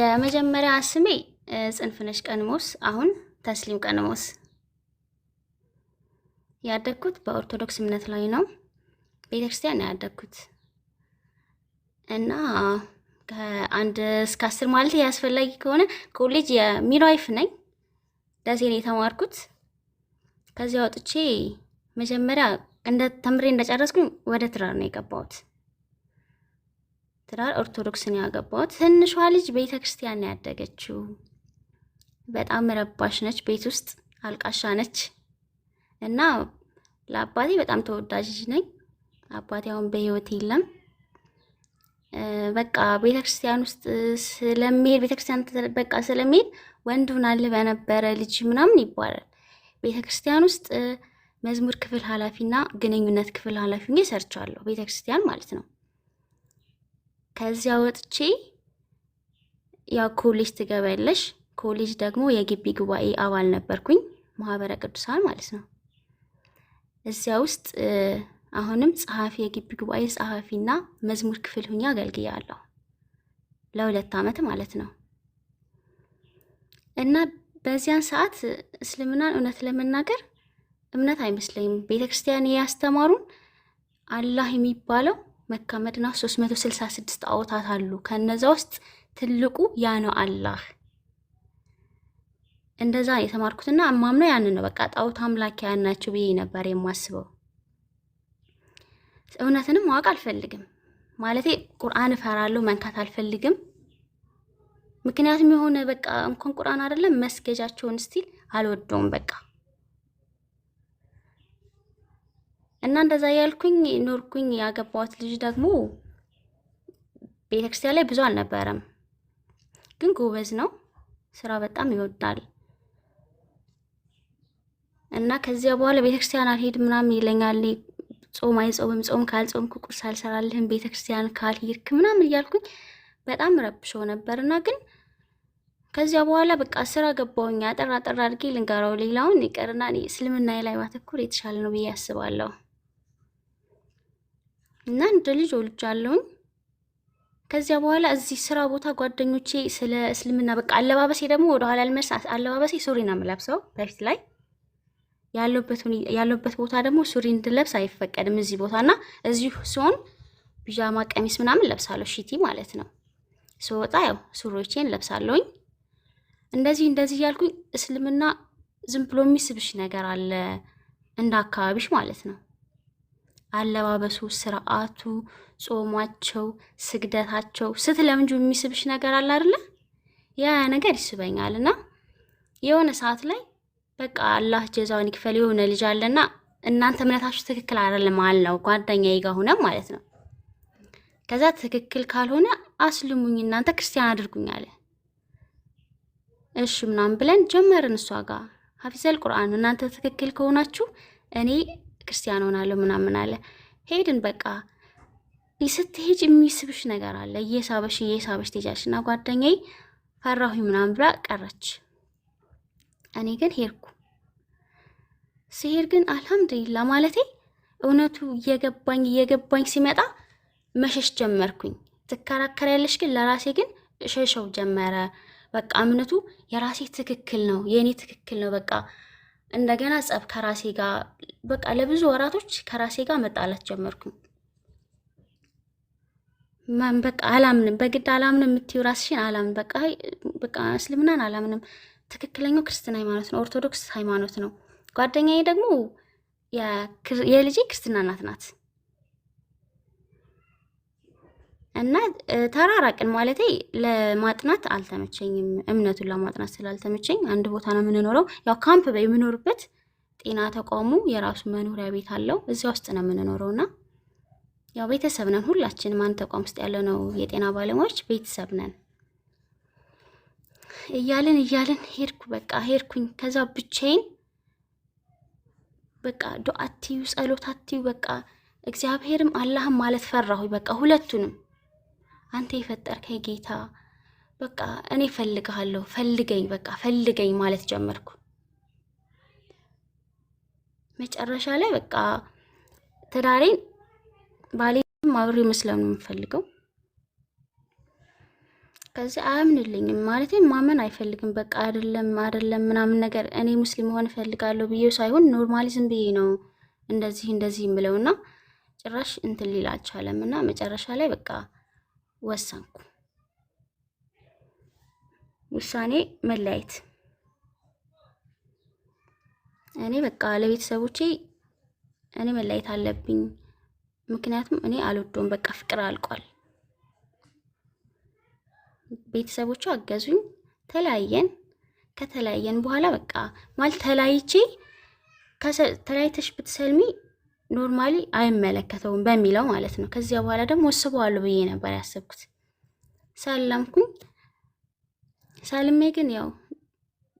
የመጀመሪያ ስሜ ጽንፍነሽ ቀንሞስ፣ አሁን ተስሊም ቀንሞስ። ያደግኩት በኦርቶዶክስ እምነት ላይ ነው። ቤተክርስቲያን ነው ያደግኩት እና ከአንድ እስከ አስር ማለት ያስፈላጊ ከሆነ ኮሌጅ የሚድዋይፍ ነኝ። ደሴን የተማርኩት ከዚያ ወጥቼ መጀመሪያ እንደ ተምሬ እንደጨረስኩኝ ወደ ትዳር ነው የገባሁት። ትዳር ኦርቶዶክስን ያገባት። ትንሿ ልጅ ቤተ ክርስቲያን ያደገችው። በጣም ረባሽ ነች፣ ቤት ውስጥ አልቃሻ ነች እና ለአባቴ በጣም ተወዳጅ ነኝ። አባቴ አሁን በህይወት የለም። በቃ ክርስቲያን ውስጥ ስለሚሄድ ቤተክርስቲያን በቃ ስለሚሄድ ወንድ ሁናልህ በነበረ ልጅ ምናምን ይባላል። ክርስቲያን ውስጥ መዝሙር ክፍል ኃላፊና ግንኙነት ክፍል ኃላፊ ሰርቻለሁ። ክርስቲያን ማለት ነው። ከዚያ ወጥቼ ያው ኮሌጅ ትገባለሽ። ኮሌጅ ደግሞ የግቢ ጉባኤ አባል ነበርኩኝ፣ ማህበረ ቅዱሳን ማለት ነው። እዚያ ውስጥ አሁንም ጸሐፊ የግቢ ጉባኤ ጸሐፊና መዝሙር ክፍል ሁኛ አገልግያለሁ ለሁለት ዓመት ማለት ነው። እና በዚያን ሰዓት እስልምናን እውነት ለመናገር እምነት አይመስለኝም። ቤተ ክርስቲያን ያስተማሩን አላህ የሚባለው መካ መዲና 366 ጣዖታት አሉ። ከነዛ ውስጥ ትልቁ ያ ነው አላህ። እንደዛ የተማርኩትና እማምነው ያንን ነው። በቃ ጣዖት አምላክ ናቸው ብዬ ነበር የማስበው። እውነትንም ማወቅ አልፈልግም ማለቴ ቁርአን እፈራለሁ፣ መንካት አልፈልግም። ምክንያቱም የሆነ በቃ እንኳን ቁርአን አይደለም መስገጃቸውን ስቲል አልወደውም በቃ እና እንደዛ ያልኩኝ ኖርኩኝ። ያገባዋት ልጅ ደግሞ ቤተክርስቲያን ላይ ብዙ አልነበረም፣ ግን ጎበዝ ነው። ስራ በጣም ይወዳል። እና ከዚያ በኋላ ቤተክርስቲያን አልሄድ ምናምን ይለኛል። ጾም አይጾምም፣ ጾም ካልጾምኩ ቁርስ አልሰራልህም፣ ቤተክርስቲያን ካልሄድክ ምናምን እያልኩኝ በጣም ረብሾ ነበር እና ግን ከዚያ በኋላ በቃ ስራ ገባሁኝ። አጠር አጠር አድርጌ ልንገረው ሌላውን ይቅርና እስልምና ላይ ማተኩር የተሻለ ነው ብዬ አስባለሁ። እና እንደ ልጅ ወልጃለሁኝ። ከዚያ በኋላ እዚህ ስራ ቦታ ጓደኞቼ ስለ እስልምና በቃ አለባበሴ ደግሞ ወደኋላ ልመልስ። አለባበሴ ሱሪ ነው የምለብሰው በፊት ላይ ያለበት ቦታ ደግሞ ሱሪ እንድለብስ አይፈቀድም እዚህ ቦታ እና እዚሁ ሲሆን ቢጃማ ቀሚስ ምናምን ለብሳለሁ፣ ሺቲ ማለት ነው። ስወጣ ያው ሱሪዎቼን ለብሳለሁኝ። እንደዚህ እንደዚህ እያልኩኝ እስልምና ዝም ብሎ የሚስብሽ ነገር አለ እንደ አካባቢሽ ማለት ነው። አለባበሱ፣ ስርዓቱ፣ ጾሟቸው፣ ስግደታቸው ስትለምጁ የሚስብሽ ነገር አለ አይደለ? ያ ነገር ይስበኛል እና የሆነ ሰዓት ላይ በቃ አላህ ጀዛውን ይክፈል የሆነ ልጅ አለና እናንተ እምነታችሁ ትክክል አይደለም ነው ጓደኛ ይጋ ሆነ ማለት ነው። ከዛ ትክክል ካልሆነ አስልሙኝ እናንተ ክርስቲያን አድርጉኝ አለ። እሺ ምናምን ብለን ጀመርን እሷ ጋር ሀፊዘል ቁርአን እናንተ ትክክል ከሆናችሁ እኔ ክርስቲያን ሆናለሁ ምናምን አለ። ሄድን በቃ ስትሄጅ የሚስብሽ ነገር አለ። እየሳበሽ እየሳበሽ ትሄጃለሽ። እና ጓደኛዬ ፈራሁኝ ምናምን ብላ ቀረች። እኔ ግን ሄድኩ። ስሄድ ግን አልሐምዱሊላ ማለቴ እውነቱ እየገባኝ እየገባኝ ሲመጣ መሸሽ ጀመርኩኝ። ትከራከሪያለሽ፣ ግን ለራሴ ግን ሸሸው ጀመረ። በቃ እምነቱ የራሴ ትክክል ነው የእኔ ትክክል ነው በቃ እንደገና ጸብ ከራሴ ጋር በቃ ለብዙ ወራቶች ከራሴ ጋር መጣላት ጀመርኩ። ማን በቃ አላምንም፣ በግድ አላምንም የምትዩ ራስሽን አላምን፣ በቃ በቃ እስልምናን አላምንም፣ ትክክለኛው ክርስትና ሃይማኖት ነው፣ ኦርቶዶክስ ሃይማኖት ነው። ጓደኛዬ ደግሞ የልጄ ክርስትና እናት ናት። እና ተራራቅን ማለቴ ለማጥናት አልተመቸኝም። እምነቱን ለማጥናት ስላልተመቸኝ አንድ ቦታ ነው የምንኖረው። ያው ካምፕ የምኖርበት ጤና ተቋሙ የራሱ መኖሪያ ቤት አለው። እዚያ ውስጥ ነው የምንኖረው እና ያው ቤተሰብ ነን ሁላችንም። አንድ ተቋም ውስጥ ያለ ነው የጤና ባለሙያዎች ቤተሰብ ነን እያልን እያልን ሄድኩ። በቃ ሄድኩኝ። ከዛ ብቻዬን በቃ ዱዓትዩ ጸሎታቲዩ በቃ እግዚአብሔርም አላህም ማለት ፈራሁኝ በቃ ሁለቱንም አንተ የፈጠርከኝ ጌታ በቃ እኔ ፈልግሃለሁ፣ ፈልገኝ፣ በቃ ፈልገኝ ማለት ጀመርኩ። መጨረሻ ላይ በቃ ትዳሬን ባሌም አብሬ መስለም ነው የምፈልገው። ከዚህ አያምንልኝም ማለት ማመን አይፈልግም። በቃ አይደለም አይደለም ምናምን ነገር እኔ ሙስሊም ሆን እፈልጋለሁ ብዬ ሳይሆን ኖርማሊዝም ብዬ ነው እንደዚህ እንደዚህ የምለውና ጭራሽ እንትን ሊል አልቻለም እና መጨረሻ ላይ በቃ ወሰንኩ። ውሳኔ መለያየት። እኔ በቃ ለቤተሰቦቼ እኔ መለያየት አለብኝ፣ ምክንያቱም እኔ አልወደውም። በቃ ፍቅር አልቋል። ቤተሰቦቹ አገዙኝ፣ ተለያየን። ከተለያየን በኋላ በቃ ማለት ተለያይቼ ተለያይተሽ ብትሰልሚ ኖርማሊ አይመለከተውም በሚለው ማለት ነው። ከዚያ በኋላ ደግሞ ወስበዋለሁ ብዬ ነበር ያሰብኩት። ሳላምኩኝ ሳልሜ ግን ያው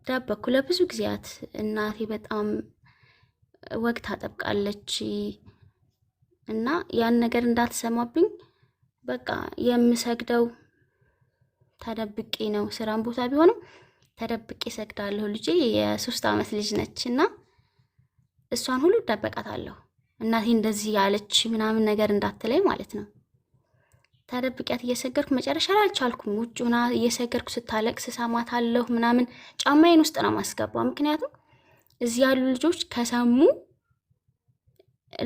ዳበኩ። ለብዙ ጊዜያት እናቴ በጣም ወግ ታጠብቃለች እና ያን ነገር እንዳትሰማብኝ በቃ የምሰግደው ተደብቄ ነው። ስራን ቦታ ቢሆንም ተደብቄ ሰግዳለሁ። ልጄ የሶስት አመት ልጅ ነች እና እሷን ሁሉ እደበቃታለሁ። እናቴ እንደዚህ ያለች ምናምን ነገር እንዳትለይ ማለት ነው። ተደብቂያት እየሰገርኩ መጨረሻ ላይ አልቻልኩም። ውጭ ሆና እየሰገርኩ ስታለቅስ አለሁ ምናምን። ጫማዬን ውስጥ ነው ማስገባ፣ ምክንያቱም እዚህ ያሉ ልጆች ከሰሙ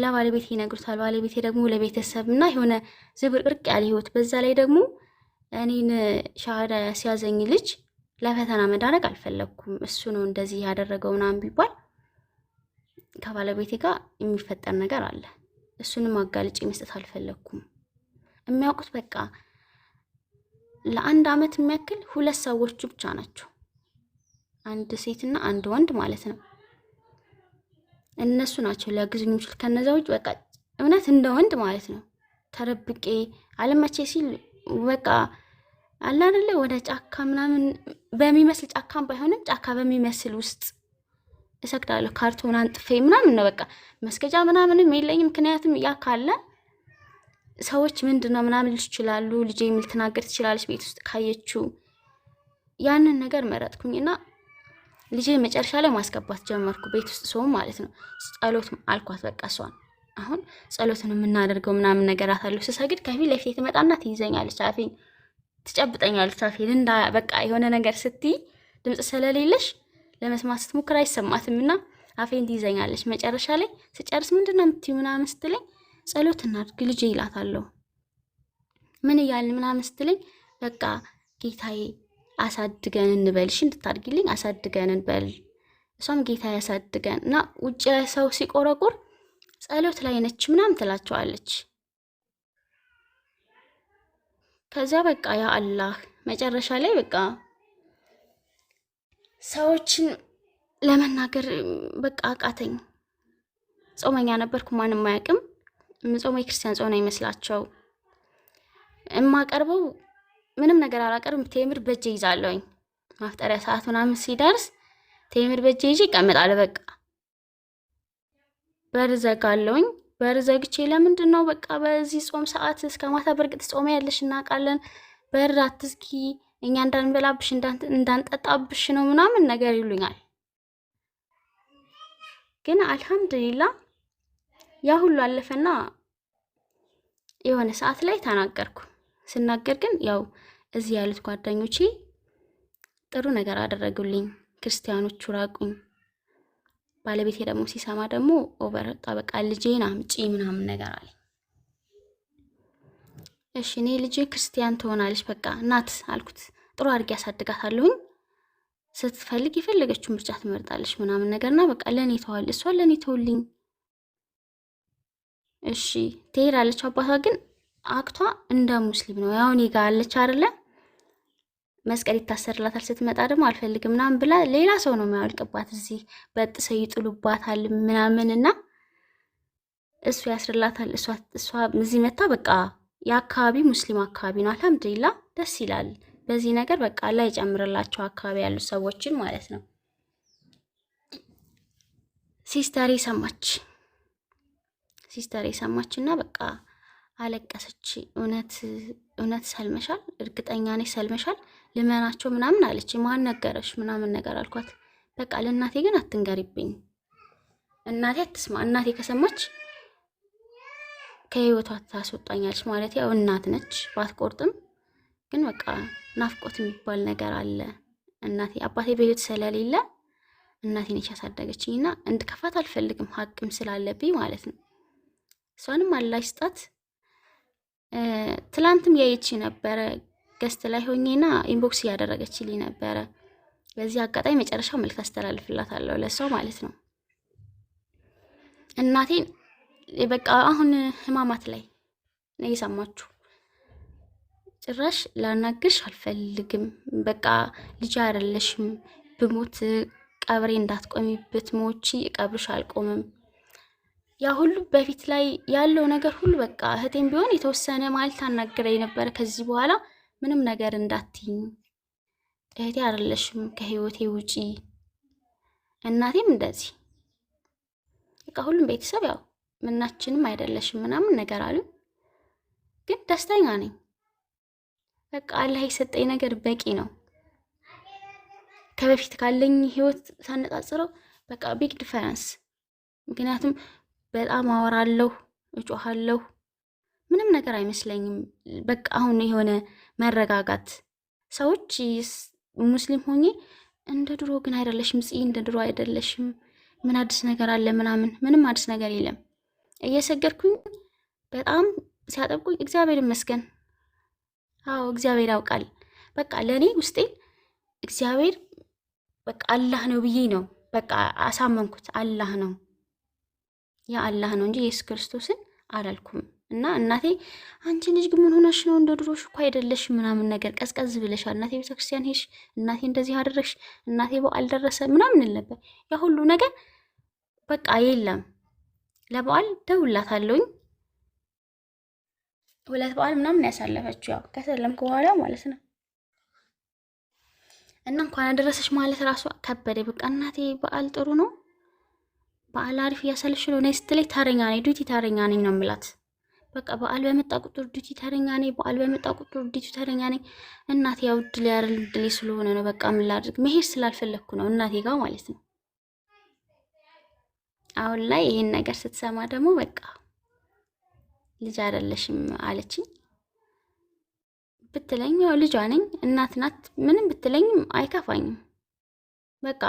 ለባለቤት ይነግሩታል። ባለቤቴ ደግሞ ለቤተሰብ እና የሆነ ዝብርቅርቅ ያለ ህይወት፣ በዛ ላይ ደግሞ እኔን ሻዳ ሲያዘኝ ልጅ ለፈተና መዳረግ አልፈለግኩም። እሱ ነው እንደዚህ ያደረገው ምናምን ቢባል ከባለቤቴ ጋር የሚፈጠር ነገር አለ። እሱንም አጋልጬ መስጠት አልፈለግኩም። የሚያውቁት በቃ ለአንድ አመት የሚያክል ሁለት ሰዎች ብቻ ናቸው፣ አንድ ሴትና አንድ ወንድ ማለት ነው። እነሱ ናቸው ሊያግዙኝ የሚችል ከነዛ ውጭ በቃ እምነት እንደ ወንድ ማለት ነው። ተረብቄ አለመቼ ሲል በቃ አለ ወደ ጫካ ምናምን በሚመስል ጫካም ባይሆንም ጫካ በሚመስል ውስጥ እሰግዳለሁ። ካርቶን አንጥፌ ምናምን ነው በቃ መስገጃ ምናምንም የለኝም። ምክንያቱም ያ ካለ ሰዎች ምንድን ነው ምናምን ልጅ ይችላሉ። ልጄ ልትናገር ትችላለች ቤት ውስጥ ካየችው። ያንን ነገር መረጥኩኝና ልጅ መጨረሻ ላይ ማስገባት ጀመርኩ ቤት ውስጥ ሰውም ማለት ነው። ጸሎት አልኳት በቃ እሷን አሁን ጸሎትን የምናደርገው ምናምን ነገር አታለሁ። ስሰግድ ከፊት ለፊት የተመጣና ትይዘኛለች፣ አፌን ትጨብጠኛለች። አፌን እንዳ በቃ የሆነ ነገር ስትይ ድምፅ ስለሌለሽ ለመስማት ስትሞክር አይሰማትም እና አፌን ትይዘኛለች። መጨረሻ ላይ ስጨርስ ምንድን ነው የምትይው ምናምን ስትለኝ ጸሎት እናድርግ ልጄ ይላታለሁ። ምን እያልን ምናምን ስትለኝ በቃ ጌታዬ አሳድገን እንበልሽ እንድታድግልኝ አሳድገን እንበል። እሷም ጌታ ያሳድገን እና ውጭ ላይ ሰው ሲቆረቁር ጸሎት ላይ ነች ምናምን ትላቸዋለች። ከዚያ በቃ ያ አላህ መጨረሻ ላይ በቃ ሰዎችን ለመናገር በቃ አቃተኝ። ጾመኛ ነበርኩ፣ ማንም አያውቅም። ምጾመ የክርስቲያን ጾም ይመስላቸው። የማቀርበው ምንም ነገር አላቀርብም። ቴምር በእጄ ይዛለውኝ። ማፍጠሪያ ሰዓት ምናምን ሲደርስ ቴምር በእጄ ይዤ ይቀመጣል። በቃ በር ዘጋለሁኝ። በር ዘግቼ ለምንድን ነው በቃ በዚህ ጾም ሰዓት እስከ ማታ በእርግጥ ጾመ ያለሽ እናውቃለን፣ በር አትዝጊ እኛ እንዳንበላብሽ እንዳንጠጣብሽ ነው ምናምን ነገር ይሉኛል። ግን አልሐምዱሊላ ያ ሁሉ አለፈና የሆነ ሰዓት ላይ ተናገርኩ። ስናገር ግን ያው እዚህ ያሉት ጓደኞቼ ጥሩ ነገር አደረጉልኝ። ክርስቲያኖቹ ራቁኝ። ባለቤቴ ደግሞ ሲሰማ ደግሞ ኦቨር ወጣ። ልጄን አምጪ ምናምን ነገር አለኝ። እሺ እኔ ልጄ ክርስቲያን ትሆናለች በቃ እናት አልኩት። ጥሩ አድርጌ ያሳድጋታለሁኝ። ስትፈልግ የፈለገችውን ምርጫ ትመርጣለች ምናምን ነገርና በቃ ለእኔ ተዋል፣ እሷ ለእኔ ተውልኝ። እሺ ትሄዳለች። አባቷ ግን አክቷ እንደ ሙስሊም ነው። ያው እኔ አለች አይደለ መስቀል ይታሰርላታል። ስትመጣ ደግሞ አልፈልግም ምናምን ብላ ሌላ ሰው ነው የሚያወልቅባት። እዚህ በጥሰው ይጥሉባታል ምናምን እና እሱ ያስርላታል። እሷ እዚህ መታ በቃ የአካባቢ ሙስሊም አካባቢ ነው። አልሐምዱሊላ ደስ ይላል። በዚህ ነገር በቃ ላይ ጨምርላቸው አካባቢ ያሉ ሰዎችን ማለት ነው። ሲስተር ሰማች፣ ሲስተር ሰማች እና በቃ አለቀሰች። እውነት እውነት ሰልመሻል? እርግጠኛ ነች ሰልመሻል? ልመናቸው ምናምን አለች። ማን ነገረሽ ምናምን ነገር አልኳት። በቃ ለእናቴ ግን አትንገሪብኝ፣ እናቴ አትስማ። እናቴ ከሰማች ከህይወቷ ታስወጣኛለች። ማለት ያው እናት ነች ባትቆርጥም፣ ግን በቃ ናፍቆት የሚባል ነገር አለ። እናቴ አባቴ በህይወት ስለሌለ እናቴ ነች ያሳደገችኝ እና እንድከፋት አልፈልግም፣ ሀቅም ስላለብኝ ማለት ነው። እሷንም አላህ ስጣት ትላንትም ያየች ነበረ ገስት ላይ ሆኜና ኢንቦክስ እያደረገችልኝ ነበረ። በዚህ አጋጣሚ መጨረሻው መልዕክት አስተላልፍላታለሁ ለሰው ማለት ነው እናቴን በቃ አሁን ህማማት ላይ ነው እየሰማችሁ። ጭራሽ ላናግርሽ አልፈልግም፣ በቃ ልጅ አይደለሽም፣ ብሞት ቀብሬ እንዳትቆሚበት ሞቺ ቀብርሽ አልቆምም። ያ ሁሉ በፊት ላይ ያለው ነገር ሁሉ በቃ እህቴም ቢሆን የተወሰነ ማለት አናግረኝ ነበረ። ከዚህ በኋላ ምንም ነገር እንዳትኝ እህቴ አይደለሽም፣ ከህይወቴ ውጪ። እናቴም እንደዚህ በቃ ሁሉም ቤተሰብ ያው ምናችንም አይደለሽም ምናምን ነገር አሉ። ግን ደስተኛ ነኝ። በቃ አላህ የሰጠኝ ነገር በቂ ነው። ከበፊት ካለኝ ህይወት ሳነጻጽረው በቃ ቢግ ዲፈረንስ። ምክንያቱም በጣም አወራለሁ፣ እጮሃለሁ፣ ምንም ነገር አይመስለኝም። በቃ አሁን የሆነ መረጋጋት ሰዎች ሙስሊም ሆኜ እንደ ድሮ ግን አይደለሽም፣ ጽ እንደ ድሮ አይደለሽም፣ ምን አዲስ ነገር አለ ምናምን፣ ምንም አዲስ ነገር የለም። እየሰገድኩኝ በጣም ሲያጠብቁኝ እግዚአብሔር ይመስገን። አዎ እግዚአብሔር ያውቃል። በቃ ለእኔ ውስጤን እግዚአብሔር በቃ አላህ ነው ብዬ ነው በቃ አሳመንኩት። አላህ ነው ያ አላህ ነው እንጂ ኢየሱስ ክርስቶስን አላልኩም። እና እናቴ አንቺ ልጅ ግን ምን ሆነሽ ነው? እንደ ድሮሽ እኮ አይደለሽ ምናምን ነገር ቀዝቀዝ ብለሻል። እናቴ ቤተክርስቲያን ሄሽ፣ እናቴ እንደዚህ አደረግሽ፣ እናቴ በዓል ደረሰ ምናምን ነበር ያ ሁሉ ነገር በቃ የለም ለበዓል ደውላታለሁኝ። ሁለት በዓል ምናምን ያሳለፈችው ያው ከሰለምኩ በኋላ ማለት ነው። እና እንኳን አደረሰች ማለት ራሱ ከበደ። በቃ እናቴ በዓል ጥሩ ነው፣ በዓል አሪፍ እያሳለፍሽ ነው። እኔ ስትለኝ ታረኛ ነኝ፣ ዱቲ ታረኛ ነኝ ነው የምላት። በቃ በዓል በመጣ ቁጥር ዱቲ ታረኛ ነኝ፣ በዓል በመጣ ቁጥር ዱቲ ታረኛ ነኝ። እናቴ ያው ድል ያርል ድሌ ስለሆነ ነው በቃ ምላድርግ መሄድ ስላልፈለግኩ ነው እናቴ ጋር ማለት ነው። አሁን ላይ ይሄን ነገር ስትሰማ ደግሞ በቃ ልጅ አይደለሽም አለችኝ ብትለኝ፣ ያው ልጇ ነኝ እናት ናት። ምንም ብትለኝም አይከፋኝም። በቃ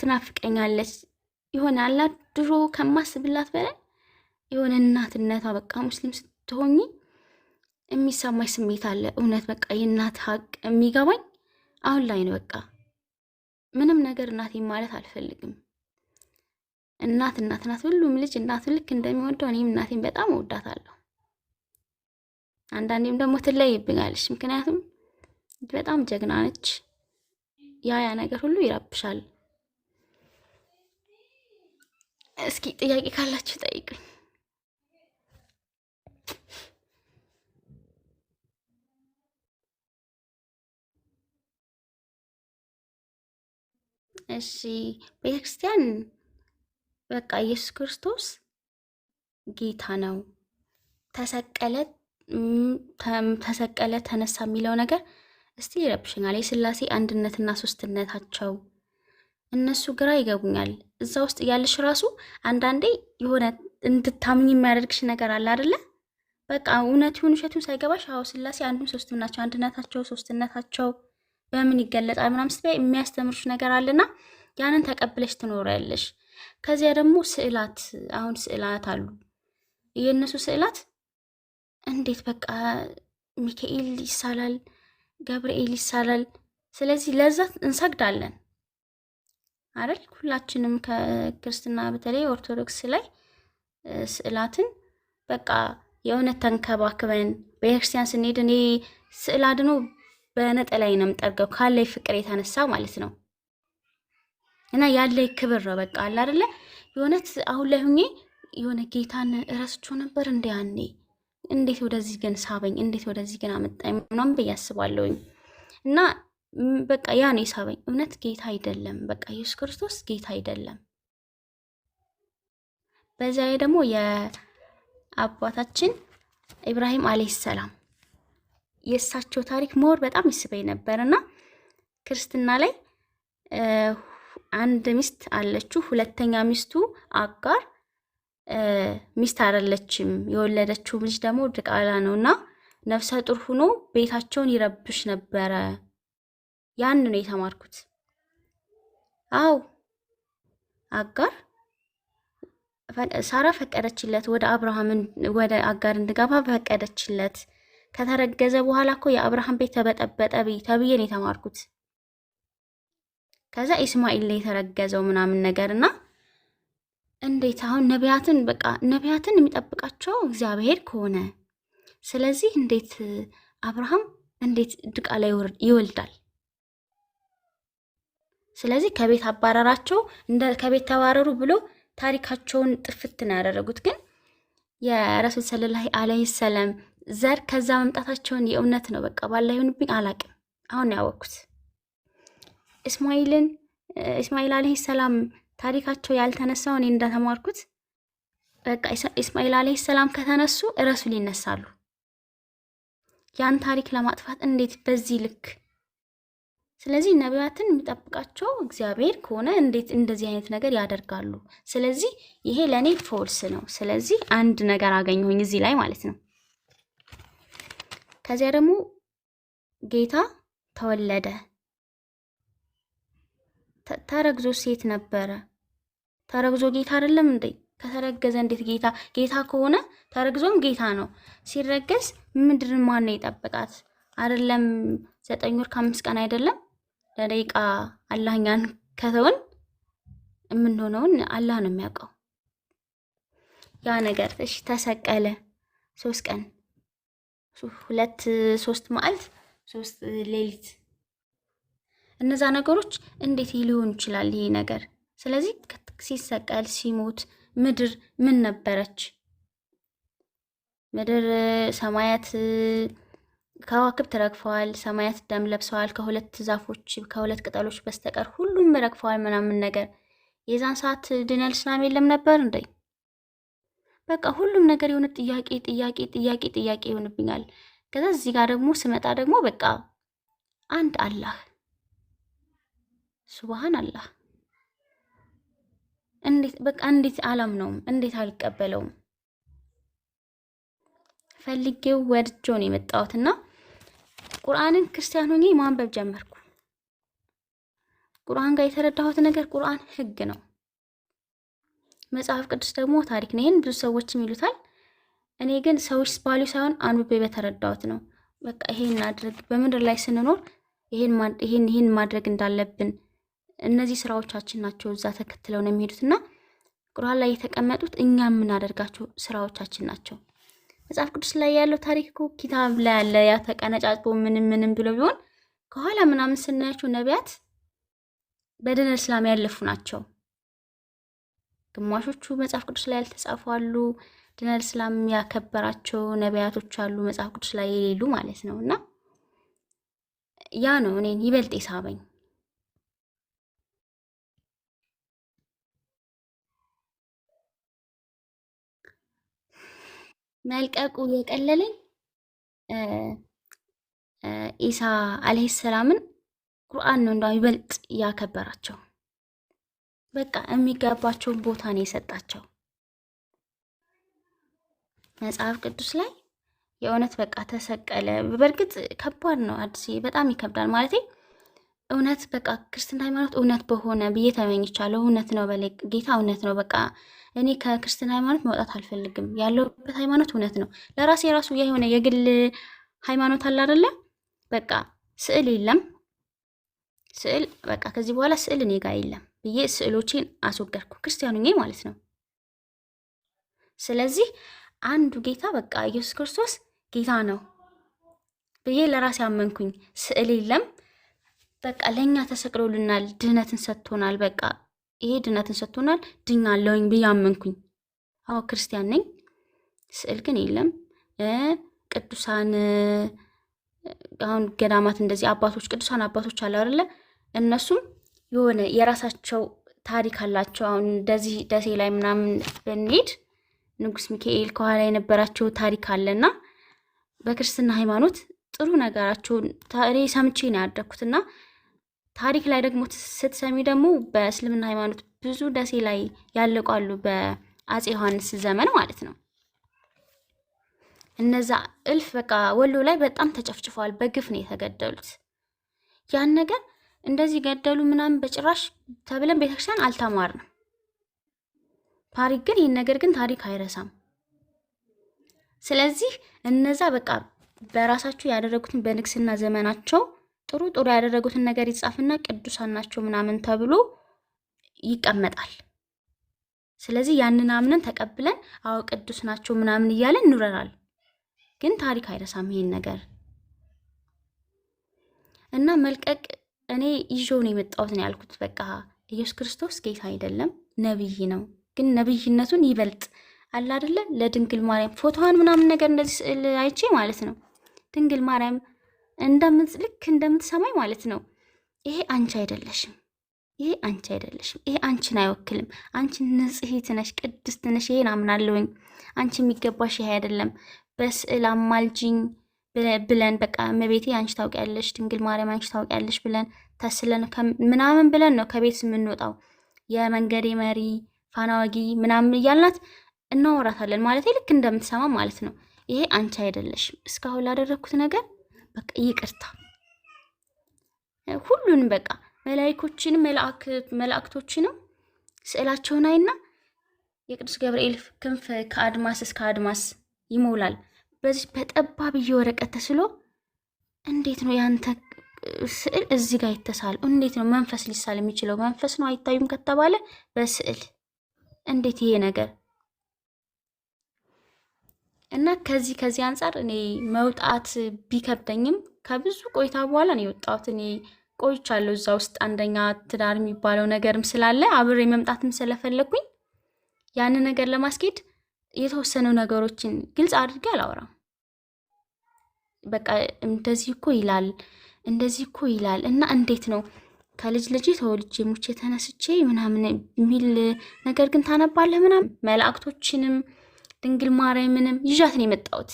ትናፍቀኛለች የሆነ አላ ድሮ ከማስብላት በላይ የሆነ እናትነቷ በቃ ሙስሊም ስትሆኝ የሚሰማኝ ስሜት አለ። እውነት በቃ የእናት ሀቅ የሚገባኝ አሁን ላይ ነው። በቃ ምንም ነገር እናቴ ማለት አልፈልግም። እናት እናት ናት። ሁሉም ልጅ እናቱ ልክ እንደሚወደው እኔም እናቴን በጣም እወዳታለሁ። አንዳንዴም ደግሞ ትለይብኛለች፣ ምክንያቱም በጣም ጀግና ነች። ያ ያ ነገር ሁሉ ይረብሻል። እስኪ ጥያቄ ካላችሁ ጠይቁኝ። እሺ ቤተክርስቲያን በቃ ኢየሱስ ክርስቶስ ጌታ ነው። ተሰቀለ ተሰቀለ ተነሳ የሚለው ነገር እስቲል ይረብሽኛል። የስላሴ አንድነትና ሶስትነታቸው እነሱ ግራ ይገቡኛል። እዛ ውስጥ እያለሽ ራሱ አንዳንዴ የሆነ እንድታምኝ የሚያደርግሽ ነገር አለ አደለ? በቃ እውነቱን ውሸቱን ሳይገባሽ አዎ ስላሴ አንዱም ሶስትም ናቸው፣ አንድነታቸው ሶስትነታቸው በምን ይገለጻል ምናምን የሚያስተምርሽ ነገር አለና ያንን ተቀብለሽ ትኖሪያለሽ። ከዚያ ደግሞ ስዕላት፣ አሁን ስዕላት አሉ። የእነሱ ስዕላት እንዴት በቃ ሚካኤል ይሳላል፣ ገብርኤል ይሳላል። ስለዚህ ለዛ እንሰግዳለን አይደል? ሁላችንም ከክርስትና በተለይ ኦርቶዶክስ ላይ ስዕላትን በቃ የእውነት ተንከባክበን ቤተክርስቲያን ስንሄድ እኔ ስዕል አድኖ በነጠላይ ነው የምጠርገው ካለኝ ፍቅር የተነሳ ማለት ነው። እና ያለ ክብር ነው በቃ አለ አይደለ የሆነት አሁን ላይ ሁኜ የሆነ ጌታን እረስቼው ነበር እንደ ያኔ እንዴት ወደዚህ ግን ሳበኝ እንዴት ወደዚህ ግን አመጣኝ ምናምን ብዬ አስባለሁኝ እና በቃ ያ ነው ሳበኝ እውነት ጌታ አይደለም በቃ ኢየሱስ ክርስቶስ ጌታ አይደለም በዛ ላይ ደግሞ የአባታችን ኢብራሂም አለይሂ ሰላም የእሳቸው ታሪክ መወር በጣም ይስበኝ ነበር እና ክርስትና ላይ አንድ ሚስት አለችው። ሁለተኛ ሚስቱ አጋር ሚስት አይደለችም። የወለደችው ልጅ ደግሞ ድቃላ ነው እና ነፍሰ ጡር ሆኖ ቤታቸውን ይረብሽ ነበረ። ያን ነው የተማርኩት። አው አጋር ሳራ ፈቀደችለት፣ ወደ አብርሃም ወደ አጋር እንድገባ ፈቀደችለት። ከተረገዘ በኋላ እኮ የአብርሃም ቤት ተበጠበጠ ተብዬ ነው የተማርኩት። ከዛ ኢስማኤል ላይ የተረገዘው ምናምን ነገር እና እንዴት አሁን ነቢያትን በቃ ነቢያትን የሚጠብቃቸው እግዚአብሔር ከሆነ ስለዚህ እንዴት አብርሃም እንዴት ድቃ ላይ ይወልዳል? ስለዚህ ከቤት አባረራቸው፣ እንደ ከቤት ተባረሩ ብሎ ታሪካቸውን ጥፍት ነው ያደረጉት። ግን የረሱል ሰለላሁ ዐለይሂ ሰለም ዘር ከዛ መምጣታቸውን የእውነት ነው። በቃ ባላ ይሁንብኝ አላቅም። አሁን ያወቅኩት እስማኤልን እስማኤል አለህ ሰላም ታሪካቸው ያልተነሳው እኔ እንደተማርኩት በቃ እስማኤል አለህ ሰላም ከተነሱ ረሱል ይነሳሉ። ያን ታሪክ ለማጥፋት እንዴት በዚህ ልክ ስለዚህ ነቢያትን የሚጠብቃቸው እግዚአብሔር ከሆነ እንዴት እንደዚህ አይነት ነገር ያደርጋሉ? ስለዚህ ይሄ ለእኔ ፎልስ ነው። ስለዚህ አንድ ነገር አገኘሁኝ እዚህ ላይ ማለት ነው። ከዚያ ደግሞ ጌታ ተወለደ ተረግዞ ሴት ነበረ። ተረግዞ ጌታ አይደለም እንዴ? ከተረገዘ እንዴት ጌታ ጌታ ከሆነ ተረግዞም ጌታ ነው። ሲረገዝ ምድር ማን ነው የጠበቃት? አይደለም ዘጠኝ ወር ከአምስት ቀን አይደለም ለደቂቃ አላህ ከተውን የምንሆነውን አላህ ነው የሚያውቀው። ያ ነገር እሺ፣ ተሰቀለ ሶስት ቀን ሁለት ሶስት መዓልት ሶስት ሌሊት እነዛ ነገሮች እንዴት ሊሆን ይችላል ይሄ ነገር? ስለዚህ ሲሰቀል ሲሞት ምድር ምን ነበረች? ምድር ሰማያት ከዋክብት ረግፈዋል። ሰማያት ደም ለብሰዋል፣ ከሁለት ዛፎች ከሁለት ቅጠሎች በስተቀር ሁሉም ረግፈዋል ምናምን ነገር። የዛን ሰዓት ድነል ስናም የለም ነበር እንዴ? በቃ ሁሉም ነገር የሆነ ጥያቄ ጥያቄ ጥያቄ ጥያቄ ይሆንብኛል። ከዛ እዚህ ጋር ደግሞ ስመጣ ደግሞ በቃ አንድ አላህ ሱብሃን አላህ እንዴት በቃ እንዴት አላምነውም፣ እንዴት አልቀበለውም። ፈልጌው ወድጆ ነው የመጣሁትና ቁርአንን ክርስቲያን ሆኜ ማንበብ ጀመርኩ። ቁርአን ጋር የተረዳሁት ነገር ቁርአን ህግ ነው፣ መጽሐፍ ቅዱስ ደግሞ ታሪክ ነው። ይህን ብዙ ሰዎችም ይሉታል። እኔ ግን ሰዎች ባሉ ሳይሆን አንብቤ በተረዳሁት ነው። በቃ ይሄን አድርግ፣ በምድር ላይ ስንኖር ይሄን ይሄን ማድረግ እንዳለብን እነዚህ ስራዎቻችን ናቸው እዛ ተከትለው ነው የሚሄዱት እና ቁርአን ላይ የተቀመጡት እኛ የምናደርጋቸው ስራዎቻችን ናቸው። መጽሐፍ ቅዱስ ላይ ያለው ታሪክ እኮ ኪታብ ላይ ያለ ያ ተቀነጫጭቦ ምንም ምንም ብሎ ቢሆን ከኋላ ምናምን ስናያቸው ነቢያት በድን እስላም ያለፉ ናቸው። ግማሾቹ መጽሐፍ ቅዱስ ላይ ያልተጻፉ አሉ። ድነል እስላም ያከበራቸው ነቢያቶች አሉ፣ መጽሐፍ ቅዱስ ላይ የሌሉ ማለት ነው። እና ያ ነው እኔን ይበልጥ የሳበኝ። መልቀቁ የቀለለኝ ኢሳ አለይሂ ሰላምን ቁርአን ነው እንደው ይበልጥ ያከበራቸው። በቃ የሚገባቸውን ቦታ ነው የሰጣቸው። መጽሐፍ ቅዱስ ላይ የእውነት በቃ ተሰቀለ። በእርግጥ ከባድ ነው አዲስ፣ በጣም ይከብዳል ማለት እውነት በቃ ክርስትና ሃይማኖት እውነት በሆነ ብዬ ተመኝቻለሁ። እውነት ነው በላይ ጌታ እውነት ነው። በቃ እኔ ከክርስትና ሃይማኖት መውጣት አልፈልግም። ያለሁበት ሃይማኖት እውነት ነው። ለራሴ የራሱ የሆነ የግል ሃይማኖት አለ አይደለ? በቃ ስዕል የለም ስዕል በቃ ከዚህ በኋላ ስዕል እኔ ጋር የለም ብዬ ስዕሎቼን አስወገድኩ፣ ክርስቲያኑኜ ማለት ነው። ስለዚህ አንዱ ጌታ በቃ ኢየሱስ ክርስቶስ ጌታ ነው ብዬ ለራሴ አመንኩኝ። ስዕል የለም በቃ ለእኛ ተሰቅሎልናል፣ ድህነትን ሰጥቶናል። በቃ ይሄ ድህነትን ሰጥቶናል፣ ድኛለሁኝ ብያመንኩኝ። አዎ ክርስቲያን ነኝ። ስዕል ግን የለም። ቅዱሳን አሁን ገዳማት እንደዚህ አባቶች ቅዱሳን አባቶች አለ አይደለ? እነሱም የሆነ የራሳቸው ታሪክ አላቸው። አሁን እንደዚህ ደሴ ላይ ምናምን ብንሄድ ንጉስ ሚካኤል ከኋላ የነበራቸው ታሪክ አለና በክርስትና ሃይማኖት ጥሩ ነገራቸውን እኔ ሰምቼ ነው ያደግኩትና ታሪክ ላይ ደግሞ ስትሰሚ ደግሞ በእስልምና ሃይማኖት ብዙ ደሴ ላይ ያለቋሉ በአፄ ዮሐንስ ዘመን ማለት ነው። እነዛ እልፍ በቃ ወሎ ላይ በጣም ተጨፍጭፈዋል። በግፍ ነው የተገደሉት። ያን ነገር እንደዚህ ገደሉ ምናምን በጭራሽ ተብለን ቤተክርስቲያን አልተማርንም። ታሪክ ግን ይህን ነገር ግን ታሪክ አይረሳም። ስለዚህ እነዛ በቃ በራሳቸው ያደረጉትን በንግስና ዘመናቸው ጥሩ ጥሩ ያደረጉትን ነገር ይጻፍና ቅዱሳን ናቸው ምናምን ተብሎ ይቀመጣል። ስለዚህ ያንን አምነን ተቀብለን አዎ ቅዱስ ናቸው ምናምን እያለን እንውረራል። ግን ታሪክ አይረሳም ይሄን ነገር እና መልቀቅ እኔ ይዤው ነው የመጣሁት ነው ያልኩት። በቃ ኢየሱስ ክርስቶስ ጌታ አይደለም ነብይ ነው። ግን ነቢይነቱን ይበልጥ አለ አይደለ ለድንግል ማርያም ፎቶዋን ምናምን ነገር እንደዚህ ስዕል አይቼ ማለት ነው ድንግል ማርያም ልክ እንደምትሰማኝ ማለት ነው። ይሄ አንቺ አይደለሽም፣ ይሄ አንቺ አይደለሽም፣ ይሄ አንቺን አይወክልም። አንቺ ንጽሕት ነሽ፣ ቅድስት ነሽ። ይሄን አምናለሁኝ። አንቺ የሚገባሽ ይሄ አይደለም። በስዕል አማልጅኝ ብለን በቃ እመቤቴ አንቺ ታውቂያለሽ፣ ድንግል ማርያም አንቺ ታውቂያለሽ ብለን ተስለን ምናምን ብለን ነው ከቤት የምንወጣው። የመንገዴ መሪ ፋናዋጊ ምናምን እያልናት እናወራታለን ማለት ልክ እንደምትሰማ ማለት ነው። ይሄ አንቺ አይደለሽም። እስካሁን ላደረግኩት ነገር በቃ ይቅርታ ሁሉንም በቃ መላይኮችንም መላእክቶችንም ስዕላቸውን አይና የቅዱስ ገብርኤል ክንፍ ከአድማስ እስከ አድማስ ይሞላል። በዚህ በጠባብ ወረቀት ተስሎ እንዴት ነው ያንተ ስዕል እዚህ ጋር ይተሳል? እንዴት ነው መንፈስ ሊሳል የሚችለው? መንፈስ ነው አይታዩም ከተባለ በስዕል እንዴት ይሄ ነገር እና ከዚህ ከዚህ አንጻር እኔ መውጣት ቢከብደኝም ከብዙ ቆይታ በኋላ ነው የወጣሁት። እኔ ቆይቻለሁ እዛ ውስጥ አንደኛ ትዳር የሚባለው ነገርም ስላለ አብሬ መምጣትም ስለፈለግኩኝ ያንን ነገር ለማስኬድ የተወሰኑ ነገሮችን ግልጽ አድርጌ አላወራም። በቃ እንደዚህ እኮ ይላል እንደዚህ እኮ ይላል እና እንዴት ነው ከልጅ ልጅ ተወልጅ ሙቼ ተነስቼ ምናምን የሚል ነገር ግን ታነባለህ ምናምን መላእክቶችንም ድንግል ማርያምንም ይዣት ነው የመጣሁት።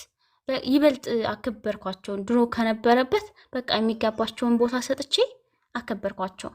ይበልጥ አከበርኳቸውን ድሮ ከነበረበት በቃ የሚጋባቸውን ቦታ ሰጥቼ አከበርኳቸው።